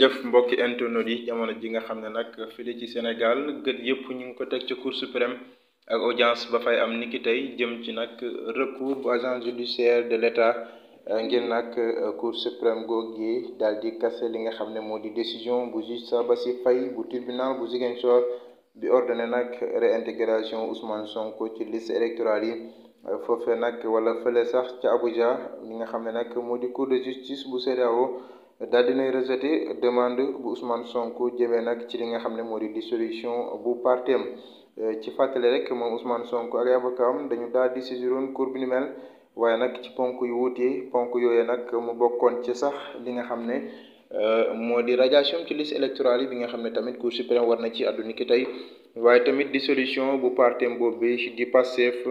ngeen jëf mbokki internet yi jamono ji nga xam nak nag ci Sénégal gëd yépp ñu ko tek ci Cour suprême ak audience ba fay am niki tay jëm ci nak recours bu agent judiciaire de l'État euh, ngir nak euh, Cour suprême googu dal di kase li nga xam ne moo di décision bu juge Sabassy fay bu tribunal bu Ziguinchor bi ordonné nak réintégration Ousmane Sonko ci liste électorale yi euh, fofé nak wala fële sax ci Abuja li nga xam nak nag moo di Cour de justice bu CEDEAO daal dinay rejeté demande bu Ousmane Sonko jëmee nak ci li nga xamné ne dissolution bu partem eh, ci fatalé rek mom Ousmane Sonko ak avocat dañu daal di saisiroon cour bi ni mel waaye nag ci ponku yu wuute ponku yoyé nak mu bokkon ci sax li nga xamné ne eh, di radiation ci liste électorale bi nga xamné tamit cour suprême war na ci àddu ki tey tamit dissolution bu partem boobu di Pastef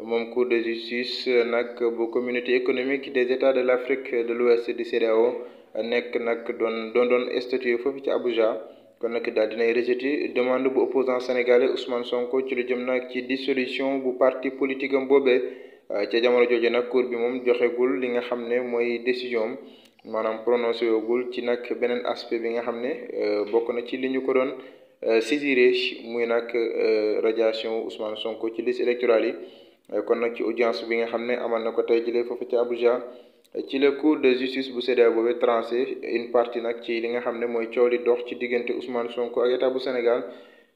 mom cour de justice nak bu communauté économique des états de l'Afrique de l'Ouest di CEDEAO nekk nag doon doon doon statué foofu ci Abuja kon nag daal dinay rejeté demande bu opposant sénégalais Ousmane Sonko ci lu jëm nag ci dissolution bu parti politique am boobee euh, ca jamono jooju nag cour bi moom joxegul li nga xam ne mooy décision am maanaam prononcé ci nag beneen aspect bi nga xam ne euh, bokk na ci li ñu ko doon euh, saisiré muy nag radiation Ousmane Sonko ci liste électorale yi kon nag ci audience bi nga xam ne amal na ko tey jëlee foofu ca Abuja ci le cour de justice bu CEDEAO bobé tranché une partie nak ci li nga xamné moy mooy coow dox ci diggante Ousmane Sonko ak état bu Sénégal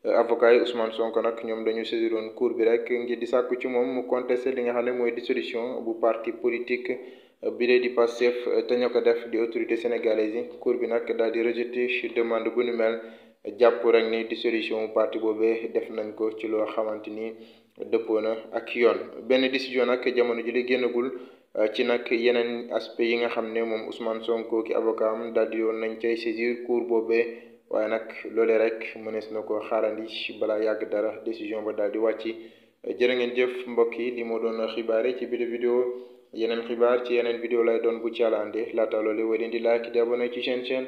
euh, avocat Ousmane Sonko nak ñom dañu saisiroon cour bi rek ngi di sakku ci mom mu contester li nga xamné moy dissolution bu parti politique euh, bi lee di Pastef euh, te ko def di autorité sénégalaise cour bi nak daal di ci demande bu ñu mel jàpp rek ni dissolution parti bobé def nañ ko ci lo xamanteni dëppoo na ak yoon benn décision nag jamono ji li génnagul euh, ci nag yeneen aspect yi nga xam ne moom Ousmane Sonko ki avocat am daal di yoon nañ cay saisir cour boobe waaye nag loolee rek mënees na ko xaarandi balaa yàgg dara décision ba daal di wàcc jërë ngeen jëf mbokk yi li moo doon xibaare ci biir vidéo yeneen xibaar ci yeneen vidéo lay doon bu ci àllande laata loolu way leen di like di abonné ci chaîne chaîne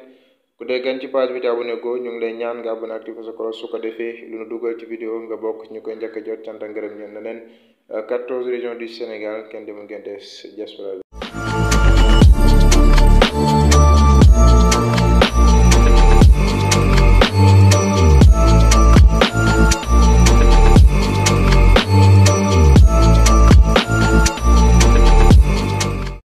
ku dee gan ci page bi te abonné ko ñu ngi lay ñaan nga abonné activé sa su ko defee lu nu dugal ci vidéo nga bokk ñu koy njëkk a jot cant ak ngërëm ñeen na leen 14 régions du Sénégal kenn demul ngeen des diaspora